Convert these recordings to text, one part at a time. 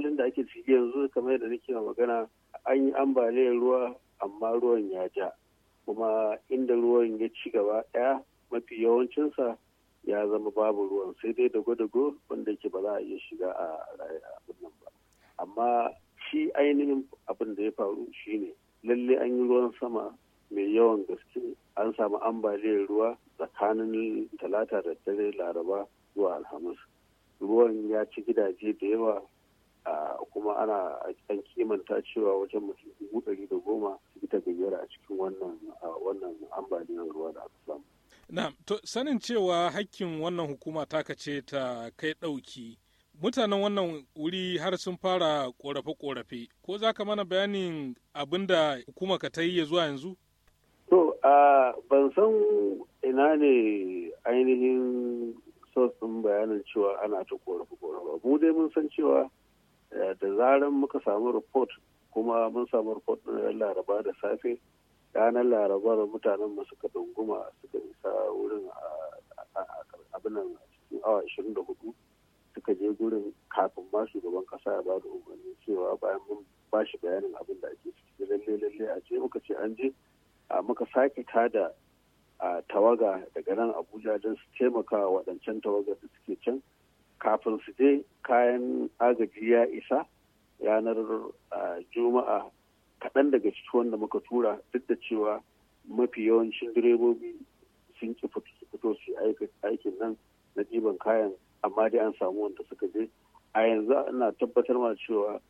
halin da ake ciki yanzu kamar yadda nake magana an yi ambaliyar ruwa amma ruwan ya ja kuma inda ruwan ya ci gaba ɗaya mafi yawancinsa ya zama babu ruwan sai dai da gwadago wanda ke ba za a iya shiga a abin nan ba amma shi ainihin abin da ya faru shine lalle an yi ruwan sama mai yawan gaske an samu ambaliyar ruwa tsakanin talata da dare laraba zuwa alhamis ruwan ya ci gidaje da yawa ana an kimanta cewa wajen mutum dubu ɗari da goma ta gayyara a cikin wannan wannan ambaliyar ruwa da aka samu. Na, to sanin cewa hakkin wannan hukuma ta kace ta kai ɗauki. Mutanen wannan wuri har sun fara ƙorafe-ƙorafe. Ko za ka mana bayanin abin da hukuma ka ta yi ya zuwa yanzu? To, ban san ina ne ainihin sosin ɗin bayanin cewa ana ta ƙorafe-ƙorafe. Mu dai mun san cewa Eh, da zaran muka samu report kuma mun samu report na laraba da safe ranar laraba mutanen mu suka dunguma suka isa wurin abinan cikin awa 24 suka je gurin kafin ma gaban kasa ya ba da umarni cewa bayan mun ba shi bayanin abin da ake ciki lalle lalle a je muka ce an je muka sake tada tawaga daga nan abuja don su taimaka waɗancan tawagar da suke can kafin su je kayan agaji ya isa yanar ah, juma'a kaɗan daga ciki wanda muka tura duk da cewa mafi yawancin direbobi sun ki fito su aikin nan na ɗiban kayan amma dai an samu wanda suka je a yanzu ana tabbatar ma cewa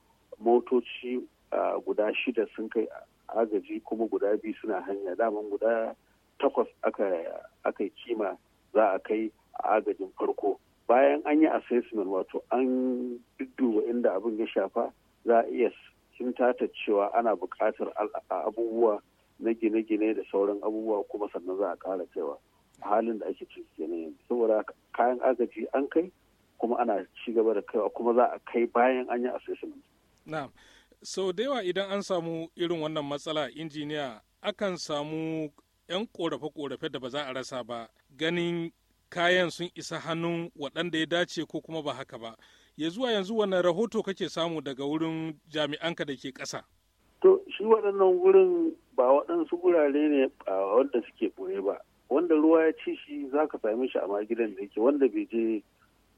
motoci ah, guda shida sun kai agaji kuma guda biyu suna hanya daman guda takwas aka kima za a kai a agajin farko bayan an yi assessment wato an duba inda abin ya shafa za a iya kintata cewa ana buƙatar abubuwa na gine-gine da sauran abubuwa kuma sannan za a ƙara kaiwa halin da ake ciki kenan saboda kayan agaji an kai kuma ana ci gaba da kaiwa kuma za a kai bayan an yi assessment. Na'am. Sau da yawa idan an samu irin wannan matsala injiniya akan samu 'yan korafe-korafe da ba za a rasa ba ganin kayan sun isa hannun waɗanda ya dace ko kuma ba haka ba ya zuwa yanzu wannan rahoto kake samu daga wurin jami'anka da ke ƙasa to shi waɗannan wurin ba waɗansu wurare ne a wanda suke ɓoye ba wanda ruwa ya ci shi za ka same shi a gidan da yake wanda bai je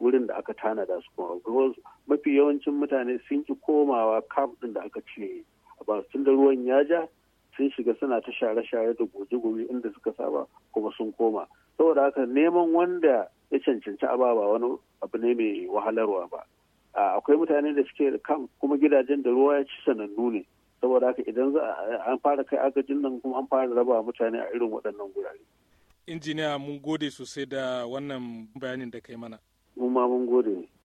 wurin da aka tanada su kuma mafi yawancin mutane sun ki komawa kamp ɗin da aka ce ba tun da ruwan ya ja sun shiga suna ta share-share da goge-goge inda suka saba kuma sun koma saboda haka neman wanda ya cancanci aba wani abu ne mai wahalarwa ba akwai mutane da suke kan kuma gidajen da ruwa ya ci sanannu ne saboda haka idan an fara kai agajin nan kuma an fara raba mutane a irin waɗannan gurare injiniya mun gode sosai da wannan bayanin da kai mana mun ma mun gode